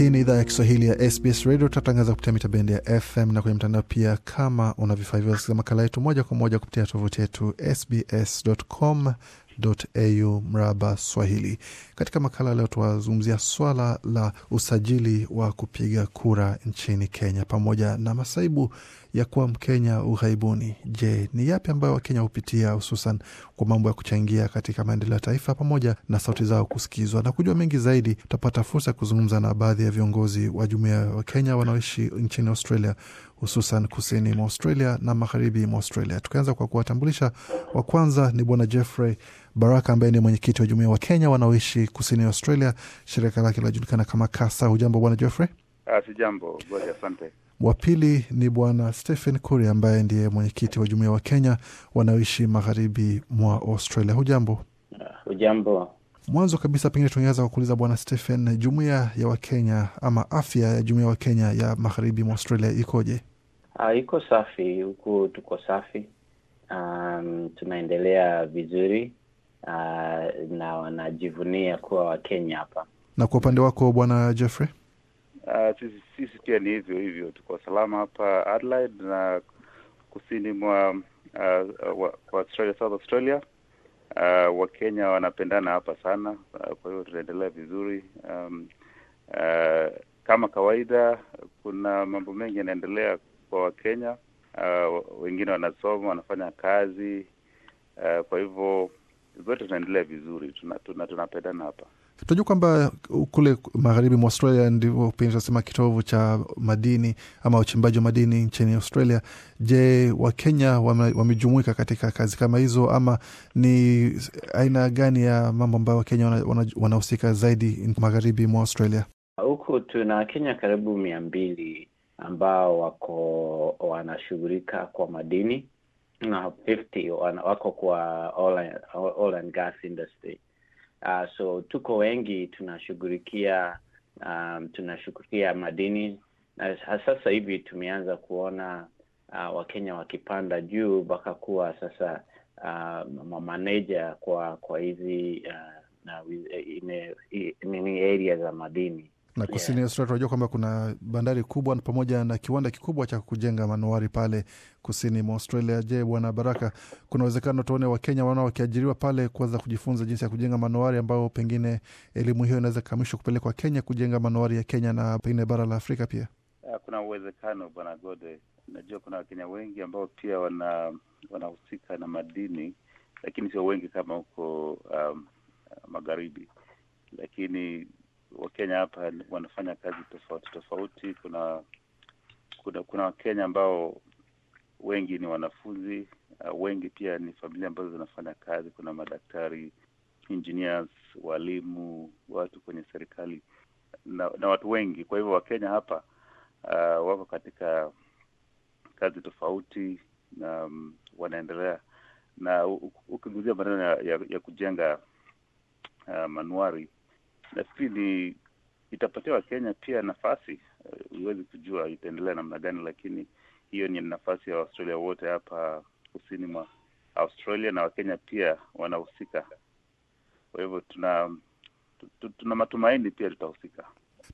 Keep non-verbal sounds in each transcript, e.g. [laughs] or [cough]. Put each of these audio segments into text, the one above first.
hii ni idhaa ya Kiswahili ya SBS Radio. Tutatangaza kupitia mita bendi ya FM na kwenye mtandao pia. Kama una vifaa hivyo, sikiza makala yetu moja kwa moja kupitia tovuti yetu sbs.com.au mraba swahili. Katika makala leo, tuwazungumzia swala la usajili wa kupiga kura nchini Kenya pamoja na masaibu ya kuwa Mkenya ughaibuni. Je, ni yapi ambayo Wakenya hupitia hususan kwa mambo ya kuchangia katika maendeleo ya taifa, pamoja na sauti zao kusikizwa? Na kujua mengi zaidi, tutapata fursa ya kuzungumza na baadhi ya viongozi wa jumuiya ya Wakenya wanaoishi nchini Australia, hususan kusini mwa Australia na magharibi mwa Australia. Tukianza kwa kuwatambulisha. Wa kwanza ni Bwana Jeffrey Baraka ambaye ni mwenyekiti wa jumuiya wa Kenya wanaoishi kusini Australia, shirika lake linajulikana kama Kasa. Hujambo Bwana Jeffrey? Ah, sijambo, asante. Wa pili ni Bwana Stephen Curry ambaye ndiye mwenyekiti wa jumuia wa Kenya wanaoishi magharibi mwa Australia. Hujambo? Ah, hujambo. Mwanzo kabisa pengine tungeweza kuuliza Bwana Stephen, jumuia ya Wakenya ama afya ya jumuia wa Wakenya ya magharibi mwa Australia ikoje? Uh, iko safi huku, tuko safi. Um, tunaendelea vizuri uh, na wanajivunia kuwa Wakenya hapa. Na kwa upande wako Bwana Jeffrey? Uh, sisi, sisi pia ni hivyo hivyo, tuko salama hapa Adelaide na kusini mwa uh, uh, Australia, South Australia. Uh, ah, Wakenya wanapendana hapa sana uh, kwa hiyo tunaendelea vizuri um, uh, kama kawaida. Kuna mambo mengi yanaendelea kwa Wakenya uh, wengine wanasoma, wanafanya kazi uh, kwa hivyo zote zinaendelea vizuri, tunapendana tuna, tuna hapa. Tunajua kwamba kule magharibi mwa Australia ndivyo pengine tunasema kitovu cha madini ama uchimbaji wa madini nchini Australia. Je, Wakenya wamejumuika katika kazi kama hizo, ama ni aina gani ya mambo ambayo Wakenya wanahusika wana, wana zaidi magharibi mwa Australia? Huku tuna Wakenya karibu mia mbili ambao wako wanashughulika kwa madini na 50 wako kwa oil, oil and gas industry. Uh, so tuko wengi tunashughulikia um, tunashughulikia madini na sasa hivi tumeanza kuona uh, Wakenya wakipanda juu mpaka kuwa sasa uh, um, maneja kwa kwa hizi uh, uh nini area za madini na kusini yeah, tunajua kwamba kuna bandari kubwa pamoja na kiwanda kikubwa cha kujenga manuari pale kusini mwa Australia. Je, Bwana Baraka, kuna uwezekano tuone Wakenya wana wakiajiriwa pale kuweza kujifunza jinsi ya kujenga manuari, ambayo pengine elimu hiyo inaweza kamishwa kupelekwa Kenya kujenga manuari ya Kenya na pengine bara la Afrika pia? Eh, kuna uwezekano Bwana Gode, najua kuna Wakenya wengi ambao pia wana wanahusika na madini, lakini sio wengi kama huko um, magharibi, lakini Wakenya hapa wanafanya kazi tofauti tofauti. Kuna kuna kuna Wakenya ambao wengi ni wanafunzi, uh, wengi pia ni familia ambazo zinafanya kazi. Kuna madaktari, engineers, walimu, watu kwenye serikali na, na watu wengi. Kwa hivyo Wakenya hapa uh, wako katika kazi tofauti na um, wanaendelea na ukiguzia maneno ya, ya, ya kujenga uh, manuari nafikiri ni itapatia Wakenya pia nafasi. Eh, huwezi uh, kujua itaendelea namna gani, lakini hiyo ni nafasi ya Waustralia wote hapa kusini mwa Australia na Wakenya pia wanahusika. Kwa hivyo tuna tuna matumaini pia tutahusika.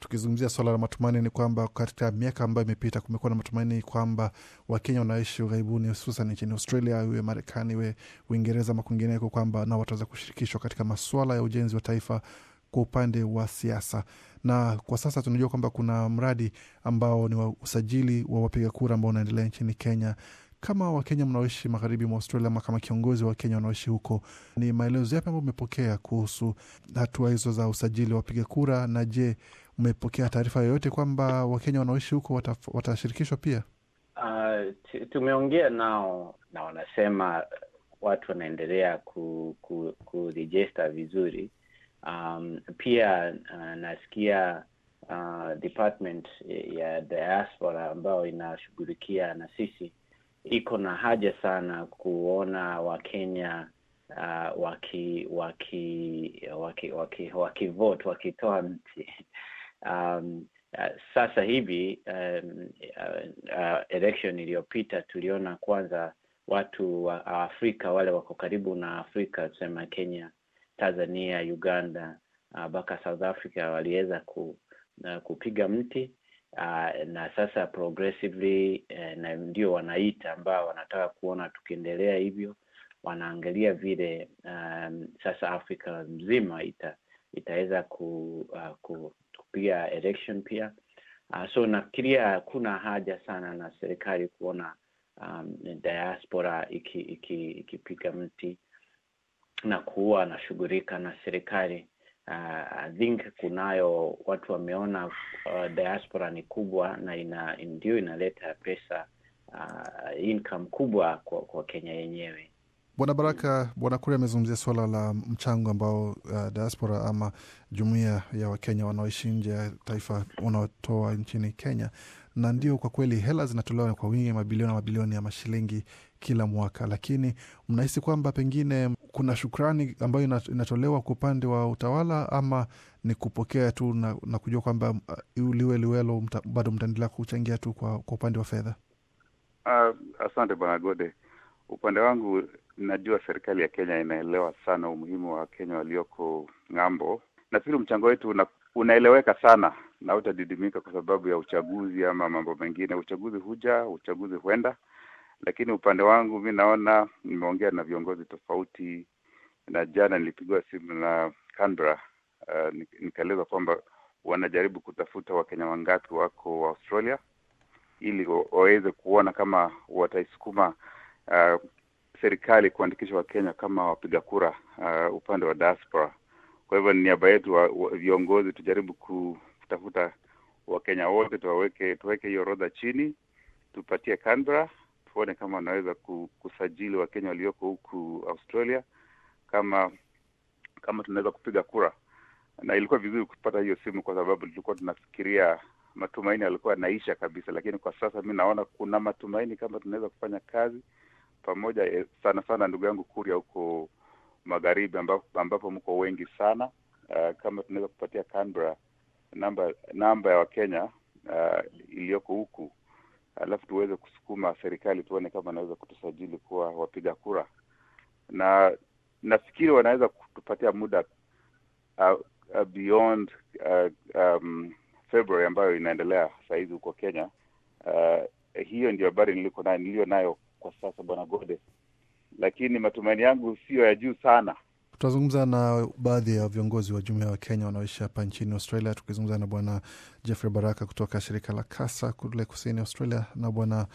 Tukizungumzia swala la matumaini, ni kwamba katika miaka ambayo imepita kumekuwa na matumaini kwamba Wakenya wanaishi ughaibuni, hususan nchini Australia, iwe Marekani, iwe Uingereza ama kwingineko, kwamba nao wataweza kushirikishwa katika masuala ya ujenzi wa taifa kwa upande wa siasa. Na kwa sasa tunajua kwamba kuna mradi ambao ni wa usajili wa wapiga kura ambao unaendelea nchini Kenya. Kama Wakenya mnaoishi magharibi mwa Australia ama kama kiongozi wa Wakenya wanaoishi huko, ni maelezo yapi ambayo umepokea kuhusu hatua hizo za usajili wa wapiga kura? Na je, mmepokea taarifa yoyote kwamba Wakenya wanaoishi huko watashirikishwa pia? Uh, tumeongea nao na wanasema watu wanaendelea kurejista ku, ku vizuri Um, pia uh, nasikia uh, department eh, ya diaspora ambayo inashughulikia na sisi iko na haja sana kuona Wakenya uh, waki waki waki waki wakitoa mti [laughs] um, uh, sasa hivi um, uh, uh, election iliyopita tuliona kwanza watu wa Afrika wale wako karibu na Afrika tusema Kenya Tanzania, Uganda uh, mpaka South Africa waliweza ku, uh, kupiga mti uh, na sasa progressively uh, na ndio wanaita ambao wanataka kuona tukiendelea hivyo, wanaangalia vile um, sasa Afrika mzima ita itaweza ku, uh, ku, kupiga election pia uh, so nafikiria kuna haja sana na serikali kuona um, diaspora ikipiga iki, iki mti na kuwa anashughulika na serikali. Uh, I think kunayo watu wameona uh, diaspora ni kubwa na ina ndio inaleta pesa uh, income kubwa kwa, kwa Kenya yenyewe. Bwana Baraka, Bwana Kuri amezungumzia suala la mchango ambao uh, diaspora ama jumuia ya Wakenya wanaoishi nje ya taifa wanaotoa nchini Kenya na ndio kwa kweli hela zinatolewa kwa wingi, mabilioni na mabilioni ya mashilingi kila mwaka, lakini mnahisi kwamba pengine kuna shukrani ambayo inatolewa kwa upande wa utawala ama ni kupokea tu na, na kujua kwamba uh, liwe liwelo mta, bado mtaendelea kuchangia tu kwa, kwa upande wa fedha? Uh, asante bwana Gode. Upande wangu najua serikali ya Kenya inaelewa sana umuhimu wa Wakenya walioko ng'ambo. Nafikiri mchango wetu una, unaeleweka sana na utadidimika kwa sababu ya uchaguzi ama mambo mengine. Uchaguzi huja, uchaguzi huenda, lakini upande wangu mi naona, nimeongea na viongozi tofauti, na jana nilipigiwa simu na Canberra, uh, eh, nikaelezwa kwamba wanajaribu kutafuta Wakenya wangapi wako wa Australia ili waweze kuona kama wataisukuma uh, serikali kuandikisha Wakenya kama wapiga kura uh, upande wa diaspora. Kwa hivyo ni niaba yetu viongozi tujaribu ku, kutafuta Wakenya wote tuwaweke, tuweke hiyo orodha chini, tupatie Canberra tuone kama wanaweza kusajili Wakenya walioko huku Australia, kama kama tunaweza kupiga kura. Na ilikuwa vizuri kupata hiyo simu, kwa sababu tulikuwa tunafikiria matumaini yalikuwa yanaisha kabisa, lakini kwa sasa mi naona kuna matumaini kama tunaweza kufanya kazi pamoja, eh, sana sana ndugu yangu Kuria huko magharibi, ambapo, ambapo mko wengi sana uh, kama tunaweza kupatia Canberra namba namba ya Wakenya uh, iliyoko huku, alafu tuweze kusukuma serikali tuone kama anaweza kutusajili kuwa wapiga kura, na nafikiri wanaweza kutupatia muda uh, uh, beyond uh, um, February ambayo inaendelea sahizi huko Kenya. Uh, hiyo ndio habari niliko nayo niliyo nayo kwa sasa, Bwana Gode, lakini matumaini yangu siyo ya juu sana Tutazungumza na baadhi ya viongozi wa jumuia wa Kenya wanaoishi hapa nchini Australia, tukizungumza na bwana Jeffrey Baraka kutoka shirika la Kasa kule kusini Australia na bwana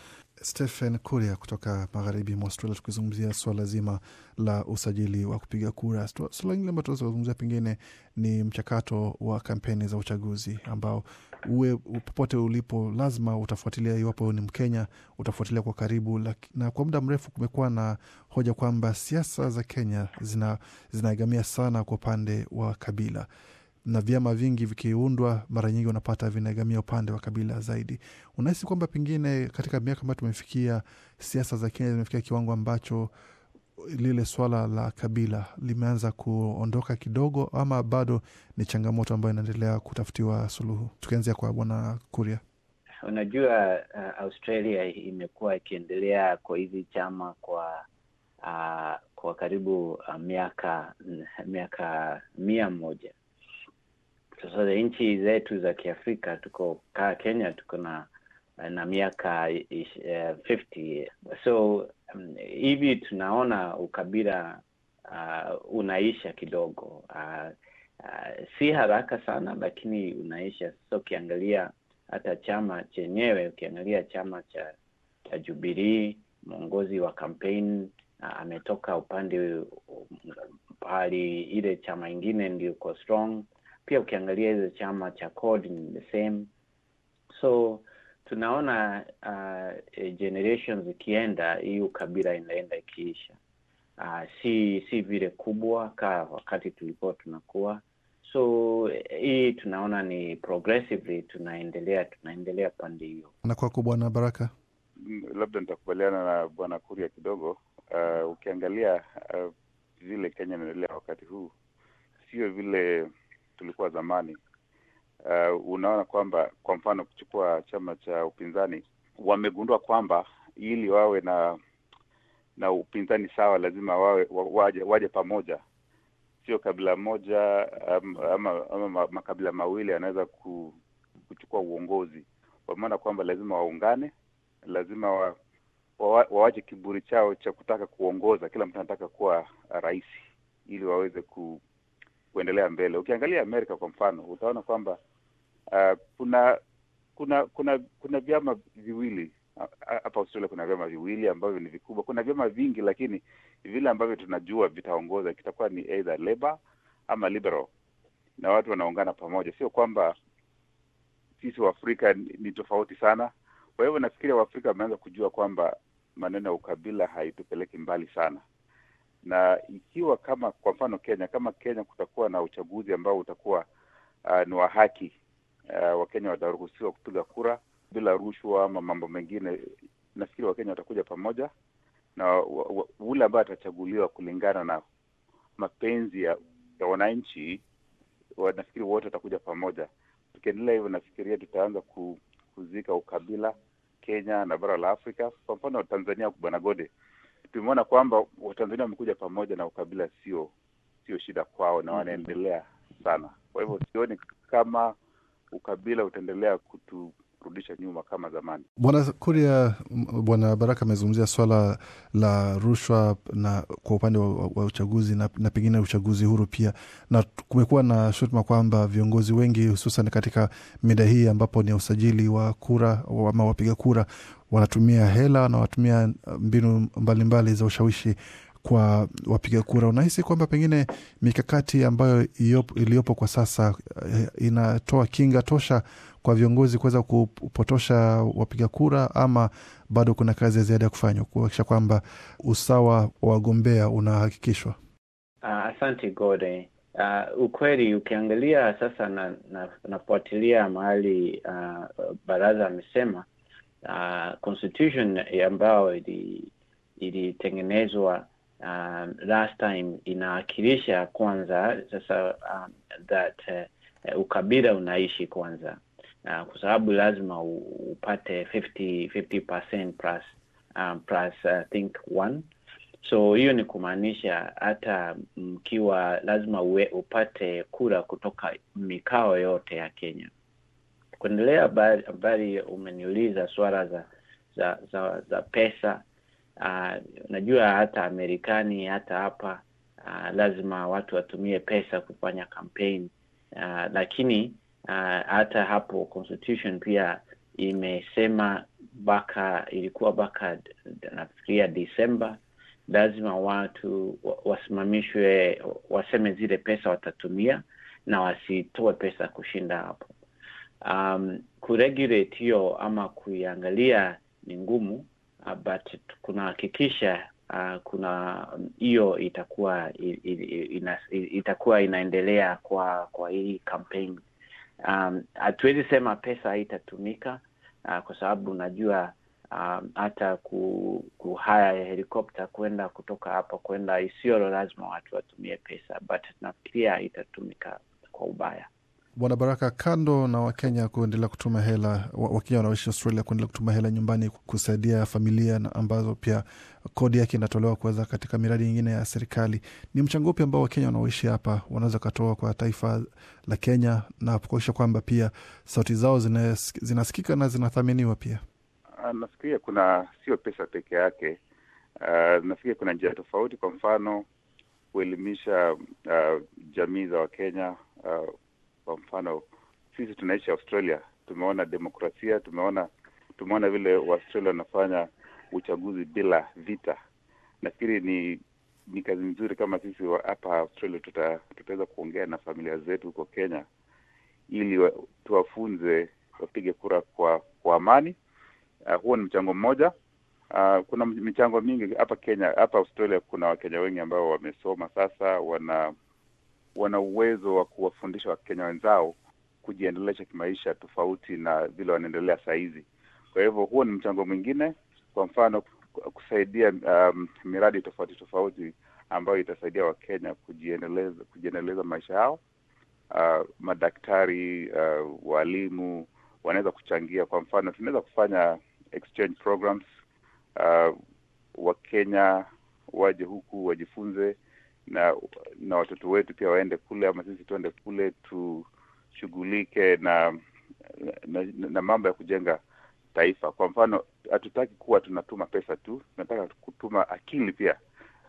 Stephen Kuria kutoka magharibi mwa Australia, tukizungumzia swala zima la usajili wa kupiga kura. swala lingine ambao tunazungumzia pengine ni mchakato wa kampeni za uchaguzi ambao uwe popote ulipo, lazima utafuatilia. Iwapo ni Mkenya, utafuatilia kwa karibu. Na kwa muda mrefu kumekuwa na hoja kwamba siasa za Kenya zina, zinaegamia sana kwa upande wa kabila na vyama vingi vikiundwa mara nyingi unapata vinaegamia upande wa kabila zaidi. Unahisi kwamba pengine katika miaka ambayo tumefikia, siasa za Kenya zimefikia kiwango ambacho lile swala la kabila limeanza kuondoka kidogo, ama bado ni changamoto ambayo inaendelea kutafutiwa suluhu? Tukianzia kwa bwana Kuria. Unajua, uh, Australia imekuwa ikiendelea kwa hizi chama kwa uh, kwa karibu uh, miaka miaka mia moja sasa. Nchi zetu za Kiafrika tuko kaa Kenya tuko na na miaka uh, 50 so hivi tunaona ukabila uh, unaisha kidogo uh, uh, si haraka sana lakini unaisha. Sasa ukiangalia hata chama chenyewe, ukiangalia chama cha, cha jubilii mwongozi wa kampein uh, ametoka upande pahali ile chama ingine ndio strong. Pia ukiangalia ile chama cha CORD the same so tunaona uh, eh, generations ikienda hiyo kabila inaenda ikiisha. Uh, si si vile kubwa kaa wakati tulikuwa tunakuwa so hii tunaona ni progressively tunaendelea tunaendelea pande hiyo. Na kwako Bwana Baraka? Mm, labda nitakubaliana na Bwana Kuria kidogo. Uh, ukiangalia uh, vile Kenya inaendelea wakati huu sio vile tulikuwa zamani uh, unaona kwamba kwa mfano kuchukua chama cha upinzani, wamegundua kwamba ili wawe na na upinzani sawa, lazima wawe waje, waje pamoja, sio kabila moja ama, ama, ama makabila mawili yanaweza kuchukua uongozi. Wameona kwamba lazima waungane, lazima wa, wa, wawache kiburi chao cha kutaka kuongoza. Kila mtu anataka kuwa rahisi ili waweze ku, kuendelea mbele. Ukiangalia Amerika kwa mfano, utaona kwamba Uh, kuna kuna kuna kuna vyama viwili hapa Australia, kuna vyama viwili ambavyo ni vikubwa. Kuna vyama vingi, lakini vile ambavyo tunajua vitaongoza kitakuwa ni either Labour ama Liberal, na watu wanaungana pamoja. Sio kwamba sisi Waafrika ni tofauti sana. Kwa hivyo nafikiria Waafrika wameanza kujua kwamba maneno ya ukabila haitupeleki mbali sana, na ikiwa kama kwa mfano Kenya, kama Kenya kutakuwa na uchaguzi ambao utakuwa uh, ni wa haki uh, Wakenya wataruhusiwa kupiga kura bila rushwa ama mambo mengine. Nafikiri Wakenya watakuja pamoja na ule ambaye atachaguliwa kulingana na mapenzi ya, ya wananchi. Nafikiri wote watakuja pamoja. Tukiendelea hivyo, nafikiria tutaanza ku, kuzika ukabila Kenya na bara la Afrika. Kwa mfano Watanzania kubanagode, tumeona kwamba Watanzania wamekuja pamoja na ukabila sio sio shida kwao, na mm-hmm. wanaendelea sana. Kwa hivyo sioni kama ukabila utaendelea kuturudisha nyuma kama zamani. Bwana Kuria, Bwana Baraka amezungumzia swala la rushwa na kwa upande wa, wa uchaguzi na, na pengine uchaguzi huru pia, na kumekuwa na shutuma kwamba viongozi wengi hususan katika mida hii ambapo ni usajili wa kura ama wapiga kura wanatumia hela na wanatumia mbinu mbalimbali mbali za ushawishi kwa wapiga kura, unahisi kwamba pengine mikakati ambayo iliyopo kwa sasa eh, inatoa kinga tosha kwa viongozi kuweza kupotosha wapiga kura, ama bado kuna kazi ya ziada ya kufanywa kuhakikisha kwamba usawa wa wagombea unahakikishwa? Ah, asante Gode. Uh, ukweli ukiangalia sasa na, na, nafuatilia mahali uh, baraza amesema uh, constitution ambayo ilitengenezwa um, last time inawakilisha kwanza sasa um, that uh, ukabila unaishi kwanza uh, kwa sababu lazima upate 50, 50% plus, um, plus uh, think one so hiyo ni kumaanisha hata mkiwa lazima uwe, upate kura kutoka mikao yote ya Kenya. Kuendelea habari, umeniuliza swala za za, za za pesa uh, ah, najua hata Amerikani hata hapa uh, lazima watu watumie pesa kufanya kampeni uh, ah, lakini uh, hata hapo constitution pia imesema baka ilikuwa baka nafikiria Desemba lazima watu wasimamishwe, waseme zile pesa watatumia na wasitoe pesa kushinda hapo. Um, kuregulate hiyo ama kuiangalia ni ngumu, Ah, but kunahakikisha uh, kuna hiyo itakuwa ina, itakuwa inaendelea kwa kwa hii campaign. Um, hatuwezi um, sema pesa haitatumika uh, kwa sababu unajua um, hata um, ku, kuhaya helikopta kwenda kutoka hapa kwenda Isiolo lazima watu watumie pesa, but nafikiria itatumika kwa ubaya. Bwana Baraka, kando na Wakenya kuendelea kutuma hela, Wakenya wanaoishi Australia kuendelea kutuma hela nyumbani kusaidia familia ambazo pia kodi yake inatolewa kuweza katika miradi nyingine ya serikali, ni mchango upi ambao Wakenya wanaoishi hapa wanaweza katoa kwa taifa la Kenya na kuakisha kwamba pia sauti zao zinasikika na zinathaminiwa pia? Ah, nafikiria kuna sio pesa peke yake. Uh, nafikiria kuna njia tofauti, kwa mfano kuelimisha uh, jamii za Wakenya uh, kwa mfano sisi tunaishi Australia, tumeona demokrasia, tumeona tumeona vile waustralia wanafanya uchaguzi bila vita. Nafikiri ni ni kazi nzuri kama sisi hapa Australia tutaweza kuongea na familia zetu huko Kenya ili wa, tuwafunze wapige kura kwa kwa amani. Uh, huo ni mchango mmoja. Uh, kuna michango mingi hapa Kenya, hapa Australia kuna Wakenya wengi ambao wamesoma sasa wana wana uwezo wa kuwafundisha Wakenya wenzao kujiendelesha kimaisha tofauti na vile wanaendelea sahizi hizi. Kwa hivyo huo ni mchango mwingine, kwa mfano kusaidia um, miradi tofauti tofauti ambayo itasaidia Wakenya kujiendeleza, kujiendeleza maisha yao. Uh, madaktari, uh, waalimu wanaweza kuchangia. Kwa mfano tunaweza kufanya exchange programs, uh, Wakenya waje huku wajifunze na na watoto wetu pia waende kule ama sisi tuende kule tushughulike na na, na, na mambo ya kujenga taifa. Kwa mfano, hatutaki kuwa tunatuma pesa tu, tunataka kutuma akili pia.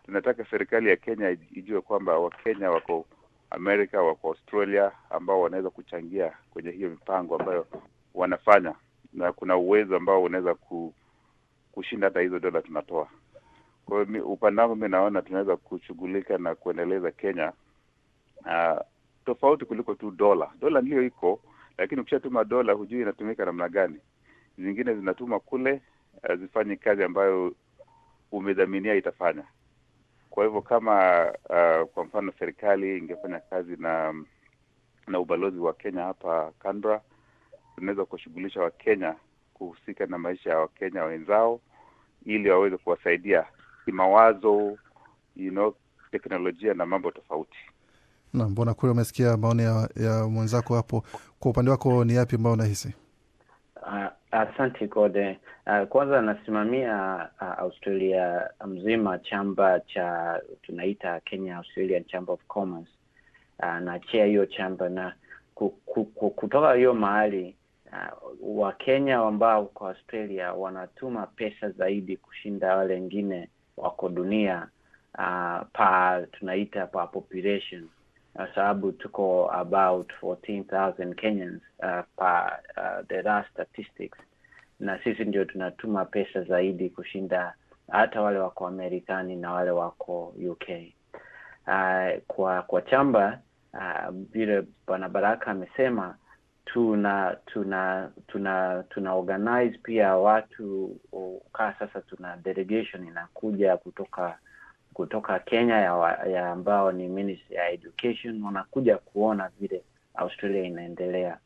Tunataka serikali ya Kenya ijue kwamba Wakenya wako Amerika, wako Australia ambao wanaweza kuchangia kwenye hiyo mipango ambayo wanafanya, na kuna uwezo ambao unaweza kushinda hata hizo dola tunatoa. Kwa hiyo upande wangu mi naona tunaweza kushughulika na kuendeleza Kenya uh, tofauti kuliko tu dola. Dola ndiyo iko, lakini ukishatuma dola hujui inatumika namna gani. Zingine zinatuma kule hazifanyi eh, kazi ambayo umedhaminia itafanya. Kwa hivyo kama uh, kwa mfano serikali ingefanya kazi na na ubalozi wa Kenya hapa Canberra, tunaweza kuwashughulisha Wakenya kuhusika na maisha ya Wakenya wenzao ili waweze kuwasaidia kimawazo, you know, teknolojia na mambo tofauti. na mbona Kuri, umesikia maoni ya, ya mwenzako hapo. Kwa upande wako ni yapi ambayo unahisi? uh, asante Gode. Uh, kwanza nasimamia uh, Australia mzima, chamba cha tunaita Kenya Australian Chamber of Commerce uh, na chea hiyo chamba na kutoka hiyo mahali uh, Wakenya ambao kwa Australia wanatuma pesa zaidi kushinda wale wengine wako dunia uh, pa tunaita pa population kwa uh, sababu tuko about 14,000 Kenyans uh, pa uh, ah, the last statistics, na sisi ndio tunatuma pesa zaidi kushinda hata wale wako Amerikani na wale wako UK. Uh, kwa kwa chamba vile uh, Bwana Baraka amesema tuna tuna tuna tuna organize pia watu kaa sasa, tuna delegation inakuja kutoka kutoka Kenya ya, wa, ya ambao ni ministry ya education wanakuja kuona vile Australia inaendelea.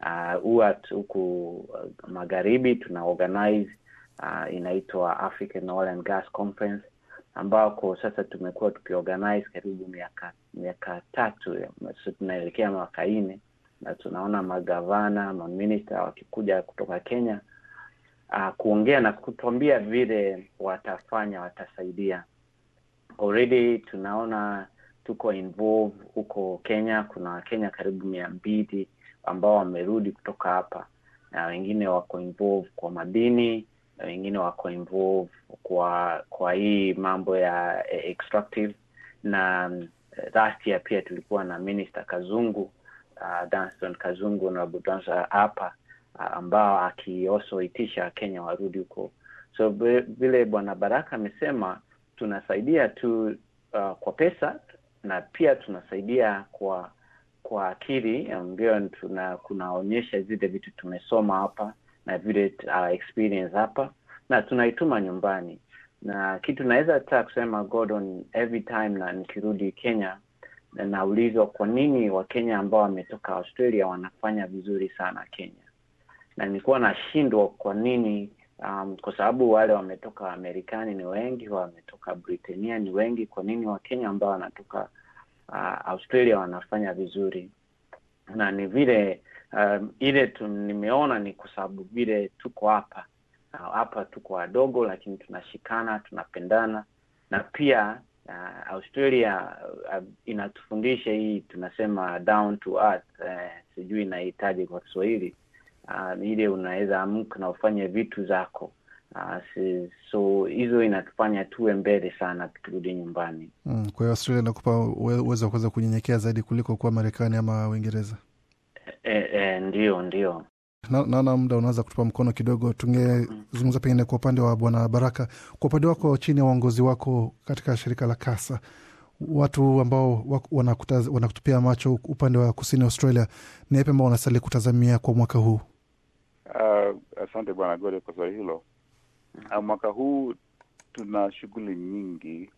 Ah, huwa uh, huku magharibi tuna organize uh, inaitwa African Oil and Gas Conference ambako sasa tumekuwa tukiorganize karibu miaka miaka tatu, eh, tunaelekea mwaka nne na tunaona magavana, maminista wakikuja kutoka Kenya uh, kuongea na kutwambia vile watafanya, watasaidia. Already tunaona tuko involve huko Kenya. Kuna Wakenya karibu mia mbili ambao wamerudi kutoka hapa, na wengine wako involve kwa madini na wengine wako involve kwa kwa hii mambo ya eh, extractive. Na eh, last year pia tulikuwa na Minister Kazungu uh, Danston Kazungu na budanza hapa uh, ambao akiosoitisha Kenya warudi huko. So vile Bwana Baraka amesema, tunasaidia tu uh, kwa pesa na pia tunasaidia kwa kwa akili ambayo kunaonyesha zile vitu tumesoma hapa na vile uh, experience hapa na tunaituma nyumbani, na kitu naweza ta kusema Gordon, every time na nikirudi Kenya naulizwa kwa nini Wakenya ambao wametoka Australia wanafanya vizuri sana Kenya, na nilikuwa nashindwa kwa nini um, kwa sababu wale wametoka Amerikani ni wengi, wametoka Britania ni wengi. Kwa nini Wakenya ambao wanatoka uh, Australia wanafanya vizuri? Na ni vile um, ile tu nimeona ni kwa sababu vile tuko hapa hapa, tuko wadogo, lakini tunashikana, tunapendana na pia uh, Australia uh, inatufundisha hii tunasema down to earth uh, sijui inahitaji kwa Kiswahili uh, ile unaweza amka na ufanye vitu zako Uh, so hizo inatufanya tuwe mbele sana tukirudi nyumbani. Mm, kwa hiyo Australia inakupa uwezo wa kuweza kunyenyekea zaidi kuliko kuwa Marekani ama Uingereza. E, e, ndio ndio. Naona na muda unaweza kutupa mkono kidogo, tungezungumza pengine kwa upande wa bwana Baraka, kwa upande wako, chini ya uongozi wako katika shirika la Kasa, watu ambao wanakutupia macho upande wa kusini Australia, ni yapi ambao wanastahili kutazamia kwa mwaka huu? Uh, asante bwana Gode kwa swali hilo. Uh, mwaka huu tuna shughuli nyingi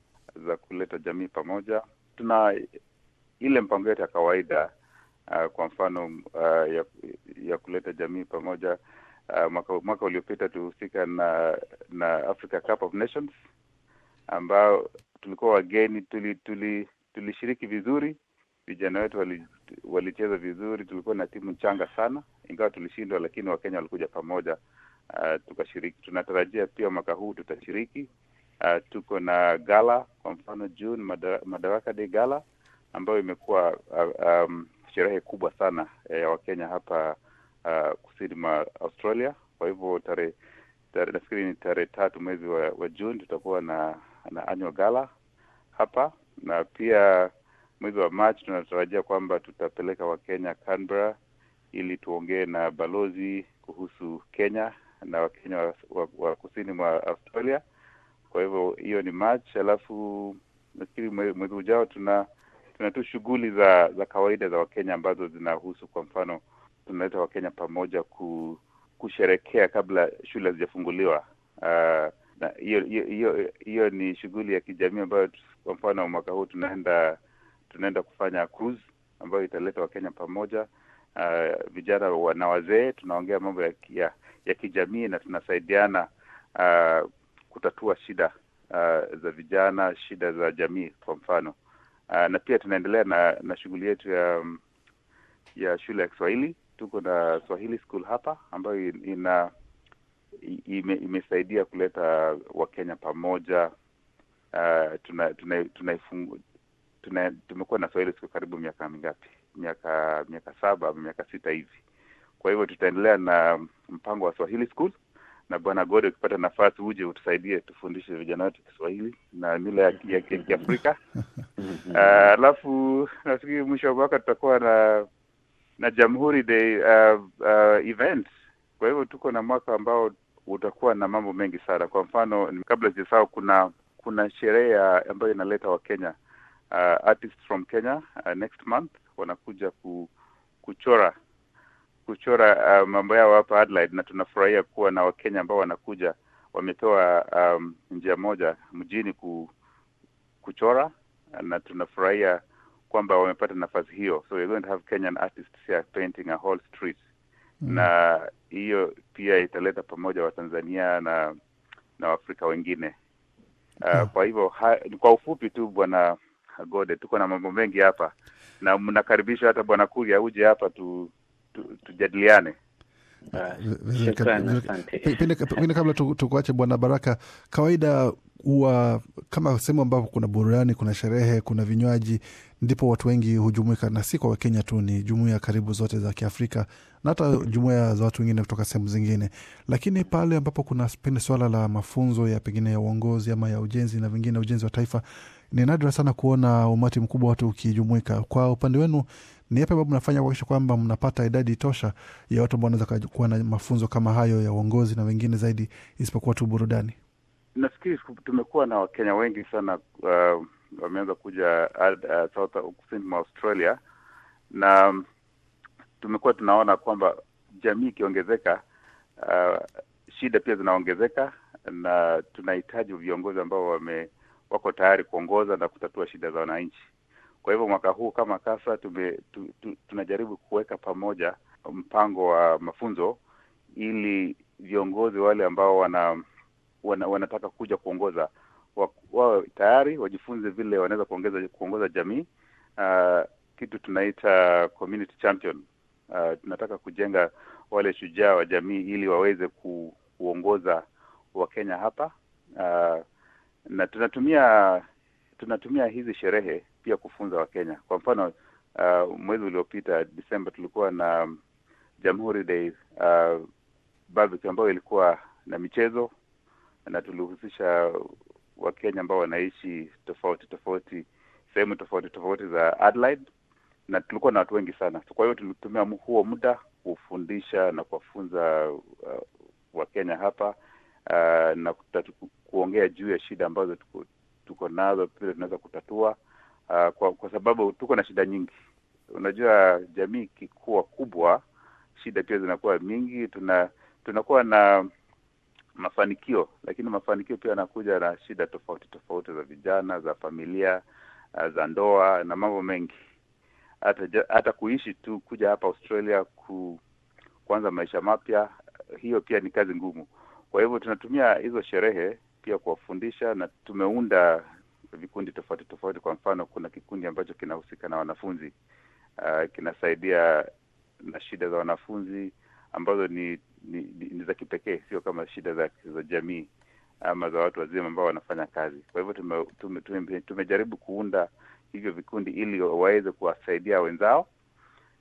za kuleta jamii pamoja. Tuna ile mpango yetu ya kawaida uh, kwa mfano uh, ya, ya kuleta jamii pamoja uh, mwaka, mwaka uliopita tulihusika na na Africa Cup of Nations ambao tulikuwa wageni, tulishiriki tuli, tuli vizuri, vijana wetu walicheza wali vizuri, tulikuwa na timu changa sana, ingawa tulishindwa, lakini Wakenya walikuja pamoja uh, tukashiriki. Tunatarajia pia mwaka huu tutashiriki. Uh, tuko na gala kwa mfano June Madaraka gala ambayo imekuwa uh, um, sherehe kubwa sana eh, ya Wakenya hapa uh, kusini mwa Australia. Kwa hivyo tarehe nafikiri ni tarehe tatu mwezi wa, wa Juni tutakuwa na, na annual gala hapa, na pia mwezi wa Machi tunatarajia kwamba tutapeleka Wakenya Canberra ili tuongee na balozi kuhusu Kenya na Wakenya wa, wa, wa kusini mwa Australia. Kwa hivyo hiyo ni mach alafu nafikiri mwezi ujao tuna tuna tu shughuli za za kawaida za Wakenya ambazo zinahusu, kwa mfano, tunaleta Wakenya pamoja ku, kusherekea kabla shule hazijafunguliwa. Uh, hiyo ni shughuli ya kijamii ambayo, kwa mfano, mwaka huu tunaenda tunaenda kufanya cruise ambayo italeta Wakenya pamoja, uh, vijana na wazee. Tunaongea mambo ya, ya, ya kijamii na tunasaidiana uh, kutatua shida uh, za vijana, shida za jamii, kwa mfano uh, na pia tunaendelea na, na shughuli yetu ya ya shule ya Kiswahili. Tuko na Swahili School hapa ambayo ina ime, imesaidia kuleta Wakenya pamoja. Uh, tuna, tuna, tuna, tuna, tumekuwa na Swahili School karibu miaka mingapi? Miaka miaka saba miaka sita hivi. Kwa hivyo tutaendelea na mpango wa Swahili School na Bwana Gode, ukipata nafasi uje utusaidie, tufundishe vijana wetu Kiswahili na mila ya, ya, ya Kiafrika. [laughs] Ah, alafu uh, nafikiri mwisho wa mwaka tutakuwa na na Jamhuri Day uh, uh, event. Kwa hivyo tuko na mwaka ambao utakuwa na mambo mengi sana. Kwa mfano, kabla sijasahau, kuna kuna sherehe ambayo inaleta Wakenya uh, from Kenya uh, next month wanakuja ku, kuchora kuchora uh, mambo yao hapa Adelaide, na tunafurahia kuwa na Wakenya ambao wanakuja wamepewa um, njia moja mjini ku, kuchora na tunafurahia kwamba wamepata nafasi hiyo, so we're going to have Kenyan artists here painting a whole street mm. na hiyo pia italeta pamoja Watanzania na na Waafrika wengine uh, yeah. Kwa hivyo kwa ufupi tu bwana Gode, tuko na mambo mengi hapa na mnakaribisha hata bwana Kuria uje hapa tu tujadiliane. Ah, ah, pengine kabla tukuache Bwana Baraka, kawaida huwa kama sehemu ambapo kuna burudani, kuna sherehe, kuna vinywaji, ndipo watu wengi hujumuika, na si kwa Wakenya tu, ni jumuia karibu zote za Kiafrika na hata jumuia za watu wengine kutoka sehemu zingine. Lakini pale ambapo kuna pengine swala la mafunzo ya pengine ya uongozi ama ya ujenzi na vingine ujenzi wa taifa ni nadra sana kuona umati mkubwa watu ukijumuika. Kwa upande wenu ni yapi ambayo mnafanya kuhakikisha kwamba mnapata idadi tosha ya watu ambao wanaweza kuwa na mafunzo kama hayo ya uongozi na wengine zaidi, isipokuwa tu burudani? Nafikiri tumekuwa na Wakenya wengi sana uh, wameanza kuja uh, kusini mwa Australia na um, tumekuwa tunaona kwamba jamii ikiongezeka, uh, shida pia zinaongezeka, na tunahitaji viongozi ambao wame wako tayari kuongoza na kutatua shida za wananchi. Kwa hivyo mwaka huu kama kasa tume, tu, tu, tunajaribu kuweka pamoja mpango wa mafunzo ili viongozi wale ambao wana, wana wanataka kuja kuongoza wawe tayari wajifunze vile wanaweza kuongeza kuongoza jamii uh, kitu tunaita community champion. Uh, tunataka kujenga wale shujaa wa jamii ili waweze ku, kuongoza Wakenya hapa uh, na tunatumia tunatumia hizi sherehe pia kufunza Wakenya. Kwa mfano uh, mwezi uliopita Desemba tulikuwa na um, Jamhuri Day uh, barbecue ambayo ilikuwa na michezo na tulihusisha Wakenya ambao wanaishi tofauti tofauti sehemu tofauti tofauti za Adelaide, na tulikuwa na watu wengi sana. Kwa hiyo tulitumia huo muda kufundisha na kuwafunza uh, Wakenya hapa uh, na kutatu, kuongea juu ya shida ambazo tuko, tuko nazo pia tunaweza kutatua uh, kwa, kwa sababu tuko na shida nyingi. Unajua, jamii ikikuwa kubwa, shida pia zinakuwa mingi, tuna tunakuwa na mafanikio, lakini mafanikio pia yanakuja na shida tofauti tofauti za vijana, za familia, eh, za ndoa na mambo mengi. Hata hata kuishi tu, kuja hapa Australia ku kuanza maisha mapya, hiyo pia ni kazi ngumu. Kwa hivyo tunatumia hizo sherehe pia kuwafundisha, na tumeunda vikundi tofauti tofauti. Kwa mfano, kuna kikundi ambacho kinahusika na wanafunzi uh, kinasaidia na shida za wanafunzi ambazo ni ni, ni, ni za kipekee, sio kama shida za, za jamii ama za watu wazima ambao wanafanya kazi. Kwa hivyo tume, tume, tume, tumejaribu kuunda hivyo vikundi ili waweze kuwasaidia wenzao,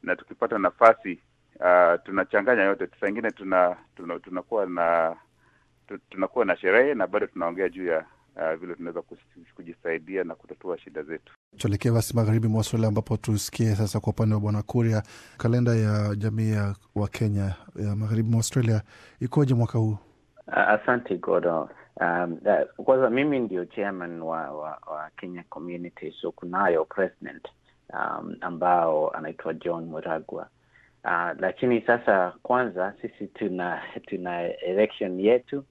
na tukipata nafasi uh, tunachanganya yote. Saa ingine tuna, tuna, tunakuwa na tunakuwa na sherehe na bado tunaongea juu ya Uh, vile tunaweza kujisaidia na kutatua shida zetu. Tuelekee basi magharibi mwa Australia ambapo tusikie sasa kwa upande wa Bwana Kuria, kalenda ya jamii ya Wakenya ya magharibi mwa Australia ikoje mwaka huu? Um, uh, asante Godo. Um, kwanza mimi ndio chairman wa, wa, wa Kenya Community, so kunayo president um, ambao anaitwa John Muragwa. Uh, lakini sasa kwanza sisi tuna, tuna election yetu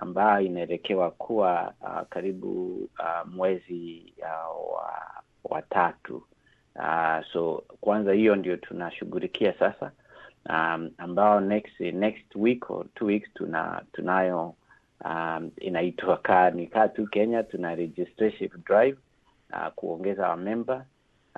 ambayo inaelekewa kuwa uh, karibu uh, mwezi uh, wa, wa tatu uh, so kwanza hiyo ndio tunashughulikia sasa um, ambao next next week or two weeks tuna, tunayo um, inaitwa kaa [laughs] ni kaa tu Kenya tuna registration drive uh, kuongeza wamemba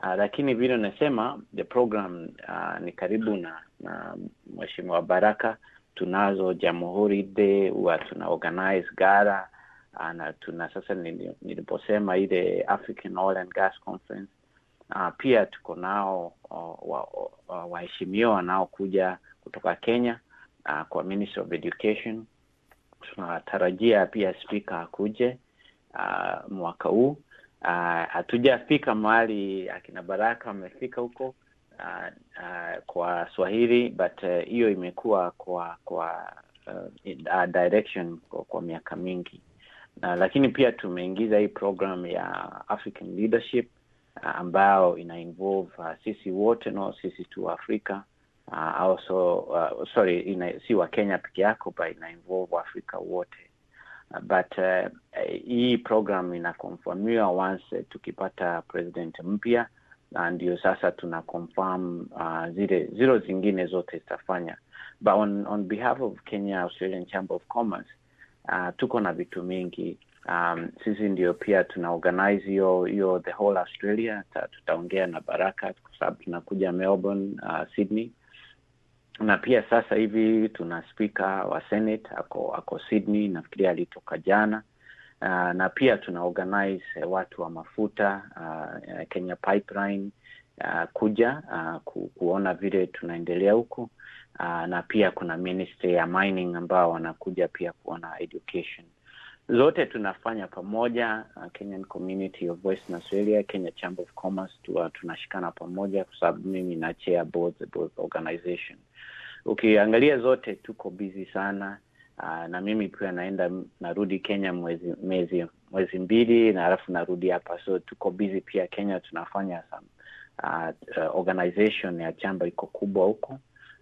uh, lakini vile unasema the program uh, ni karibu na, na mheshimiwa Baraka tunazo Jamhuri de huwa tuna organize gara ah, na tuna sasa, niliposema ile African Oil and Gas Conference uh, pia tuko nao waheshimiwa wa, wa wanaokuja kutoka Kenya uh, kwa Ministry of Education. Tunatarajia pia spika akuje uh, mwaka huu. Hatujafika uh, mahali akina Baraka wamefika huko, uh, uh, kwa Swahili but uh, hiyo uh, imekuwa kwa kwa uh, uh, direction kwa, kwa miaka mingi na lakini pia tumeingiza hii program ya African Leadership uh, ambayo ina involve uh, sisi wote no sisi tu Afrika uh, also uh, sorry ina, si wa Kenya peke yako ba ina involve Afrika wote uh, but uh, hii program inakonfamiwa once uh, tukipata president mpya ndio sasa tuna confirm uh, zile zero zingine zote zitafanya, but on, on behalf of Kenya Australian Chamber of Commerce uh, tuko na vitu mingi um, sisi ndio pia tuna organize hiyo hiyo the whole Australia. Tutaongea na Baraka kwa sababu tunakuja Melbourne, uh, Sydney na pia sasa hivi tuna spika wa Senate ako, ako Sydney, nafikiria alitoka jana uh, na pia tuna organize watu wa mafuta uh, Kenya Pipeline uh, kuja uh, kuona vile tunaendelea huku uh, na pia kuna ministry ya mining ambao wanakuja pia kuona education zote tunafanya pamoja uh, Kenyan Community of Western Australia, Kenya Chamber of Commerce tuwa, tunashikana pamoja kwa sababu mimi na chair both, both organization. Ukiangalia okay, zote tuko busy sana Aa, ah, na mimi pia naenda narudi Kenya mwezi mwezi mwezi mbili na alafu narudi hapa, so tuko busy pia Kenya, tunafanya some, ah, uh, organization ya chamba iko kubwa huko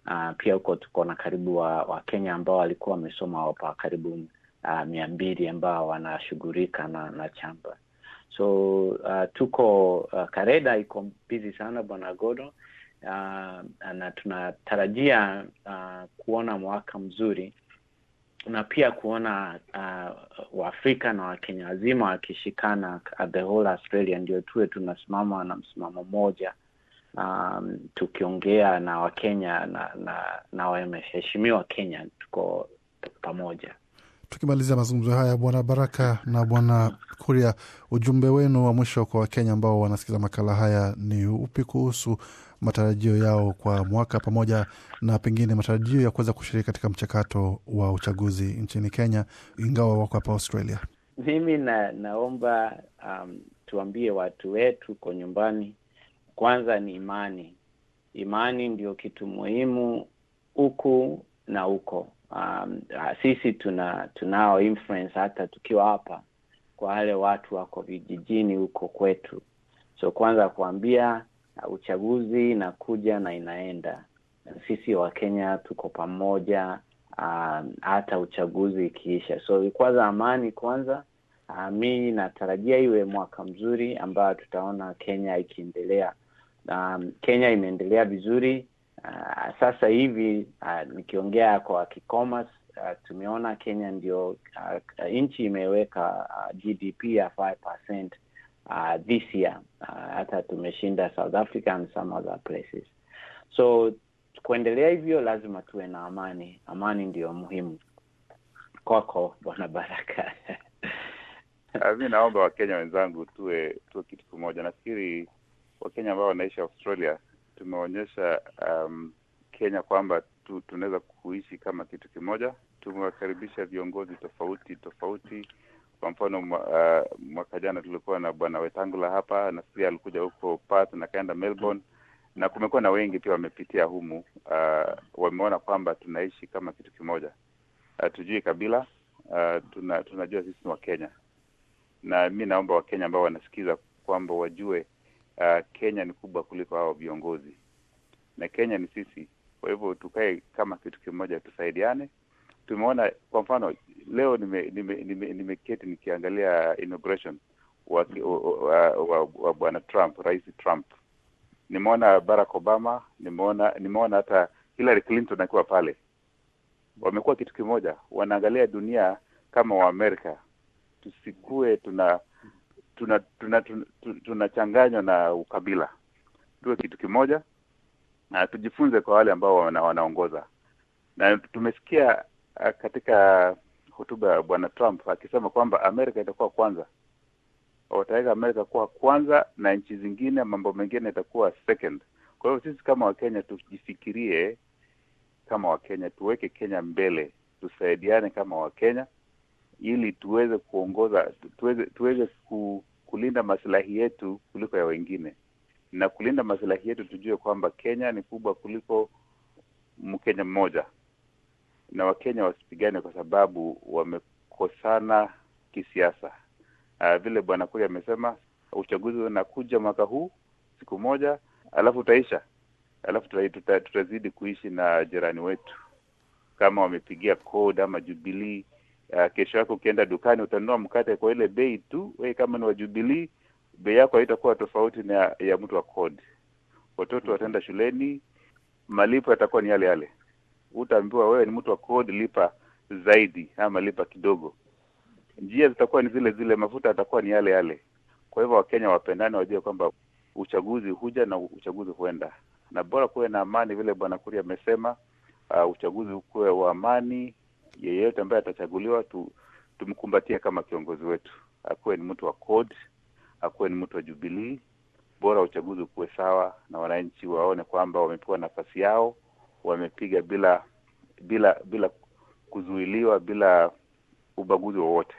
uh, pia huko tuko na karibu wa, wa Kenya ambao walikuwa wamesoma wapa karibu uh, mia mbili ambao wanashughurika na, na chamba so uh, tuko uh, Kareda iko busy sana bwana Godo. Uh, na tunatarajia uh, kuona mwaka mzuri na pia kuona uh, ah, Waafrika na Wakenya wazima wakishikana at the whole Australia, ndio tuwe tunasimama na msimamo mmoja um, tukiongea na Wakenya na na, na wameheshimiwa Kenya, tuko pamoja. Tukimaliza mazungumzo haya, Bwana Baraka na Bwana Kuria, ujumbe wenu wa mwisho kwa Wakenya ambao wanasikiza makala haya ni upi kuhusu matarajio yao kwa mwaka pamoja na pengine matarajio ya kuweza kushiriki katika mchakato wa uchaguzi nchini Kenya ingawa wako hapa Australia? Mimi na, naomba um, tuambie watu wetu kwa nyumbani, kwanza ni imani. Imani ndio kitu muhimu huku na huko. Um, sisi tuna tunao influence hata tukiwa hapa kwa wale watu wako vijijini huko kwetu, so kwanza kuambia uchaguzi inakuja na inaenda. Sisi Wakenya tuko pamoja ah, hata uh, uchaguzi ikiisha. So kwanza amani kwanza. Uh, mi natarajia iwe mwaka mzuri ambayo tutaona Kenya ikiendelea. Um, Kenya imeendelea vizuri uh, sasa hivi uh, nikiongea kwa Kikomas uh, tumeona Kenya ndio uh, nchi imeweka uh, GDP ya 5% uh, this year uh, hata tumeshinda South Africa and some other places. So kuendelea hivyo, lazima tuwe na amani. Amani ndiyo muhimu. Kwako Bwana Baraka. [laughs] Ah, mi naomba Wakenya wenzangu tuwe tuwe kitu kimoja. Nafikiri Wakenya ambao wanaishi Australia tumeonyesha um, Kenya kwamba tu, tunaweza kuishi kama kitu kimoja. Tumewakaribisha viongozi tofauti tofauti kwa mfano uh, mwaka jana tulikuwa na bwana Wetangula hapa, nafikiri alikuja huko Perth na kaenda Melbourne, na kumekuwa na wengi pia wamepitia humu uh, wameona kwamba tunaishi kama kitu kimoja, hatujui uh, kabila uh, tuna, tunajua sisi ni Wakenya, na mi naomba Wakenya ambao wanasikiza kwamba wajue uh, Kenya ni kubwa kuliko hawa viongozi na Kenya ni sisi. Kwa hivyo tukae kama kitu kimoja, tusaidiane tumeona kwa mfano leo nimeketi nime, nime, nime nikiangalia inauguration wa, wa, wa, wa bwana Trump, rais Trump, nimeona Barack Obama, nimeona nimeona hata Hillary Clinton akiwa pale. Wamekuwa kitu kimoja, wanaangalia dunia kama Waamerika, tusikue tuna tunachanganywa tuna, tuna, tuna, tuna na ukabila, tuwe kitu kimoja na tujifunze kwa wale ambao wanaongoza. Na tumesikia Eh, katika hotuba ya bwana Trump akisema kwamba Amerika itakuwa kwanza, wataweka Amerika kuwa kwanza na nchi zingine, mambo mengine itakuwa second. Kwa hiyo sisi kama Wakenya tujifikirie kama Wakenya, tuweke Kenya mbele, tusaidiane kama Wakenya ili tuweze kuongoza, tuweze, tuweze ku, kulinda masilahi yetu kuliko ya wengine na kulinda masilahi yetu, tujue kwamba Kenya ni kubwa kuliko Mkenya mmoja na Wakenya wasipigane kwa sababu wamekosana kisiasa. Uh, vile Bwana Kuria amesema uchaguzi unakuja mwaka huu siku moja, alafu utaisha, alafu tuta, tutazidi kuishi na jirani wetu kama wamepigia CORD ama jubilii Uh, ah, kesho yako ukienda dukani utanunua mkate kwa ile bei tu, wewe kama ni wa bei yako haitakuwa tofauti na ya mtu wa CORD. Watoto wataenda shuleni, malipo yatakuwa ni yale yale utaambiwa wewe ni mtu wa kodi, lipa zaidi ama lipa kidogo. Njia zitakuwa ni zile zile, mafuta yatakuwa ni yale yale. Kwa hivyo Wakenya wapendane, wajue kwamba uchaguzi huja na uchaguzi huenda, na bora kuwe na amani, vile Bwana Kuria amesema. Uh, uchaguzi ukuwe wa amani. Yeyote ambaye atachaguliwa tu, tumkumbatie kama kiongozi wetu, akuwe ni mtu wa CORD, akuwe ni mtu wa jubilii Bora uchaguzi ukuwe sawa na wananchi waone kwamba wamepewa nafasi yao wamepiga bila bila bila kuzuiliwa, bila ubaguzi wowote.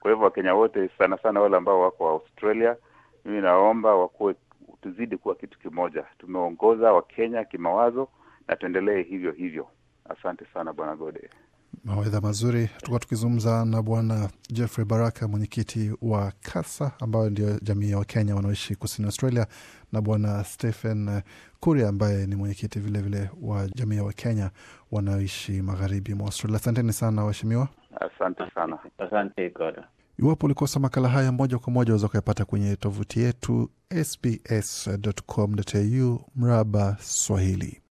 Kwa hivyo Wakenya wote sana sana wale ambao wako Australia, mimi naomba wakuwe, tuzidi kuwa kitu kimoja. Tumeongoza Wakenya kimawazo na tuendelee hivyo hivyo. Asante sana Bwana Gode mawaidha mazuri. tukuwa tukizungumza na Bwana Jeffrey Baraka, mwenyekiti wa Kasa, ambayo ndio jamii ya Wakenya wanaoishi kusini Australia, na Bwana Stephen Kuria ambaye ni mwenyekiti vilevile wa jamii ya Wakenya wanaoishi magharibi mwa Australia. Asanteni sana waheshimiwa. Asante sana, asante Iwapo ulikosa makala haya moja kwa moja, waweza kuyapata kwenye tovuti yetu sbs.com.au mraba Swahili.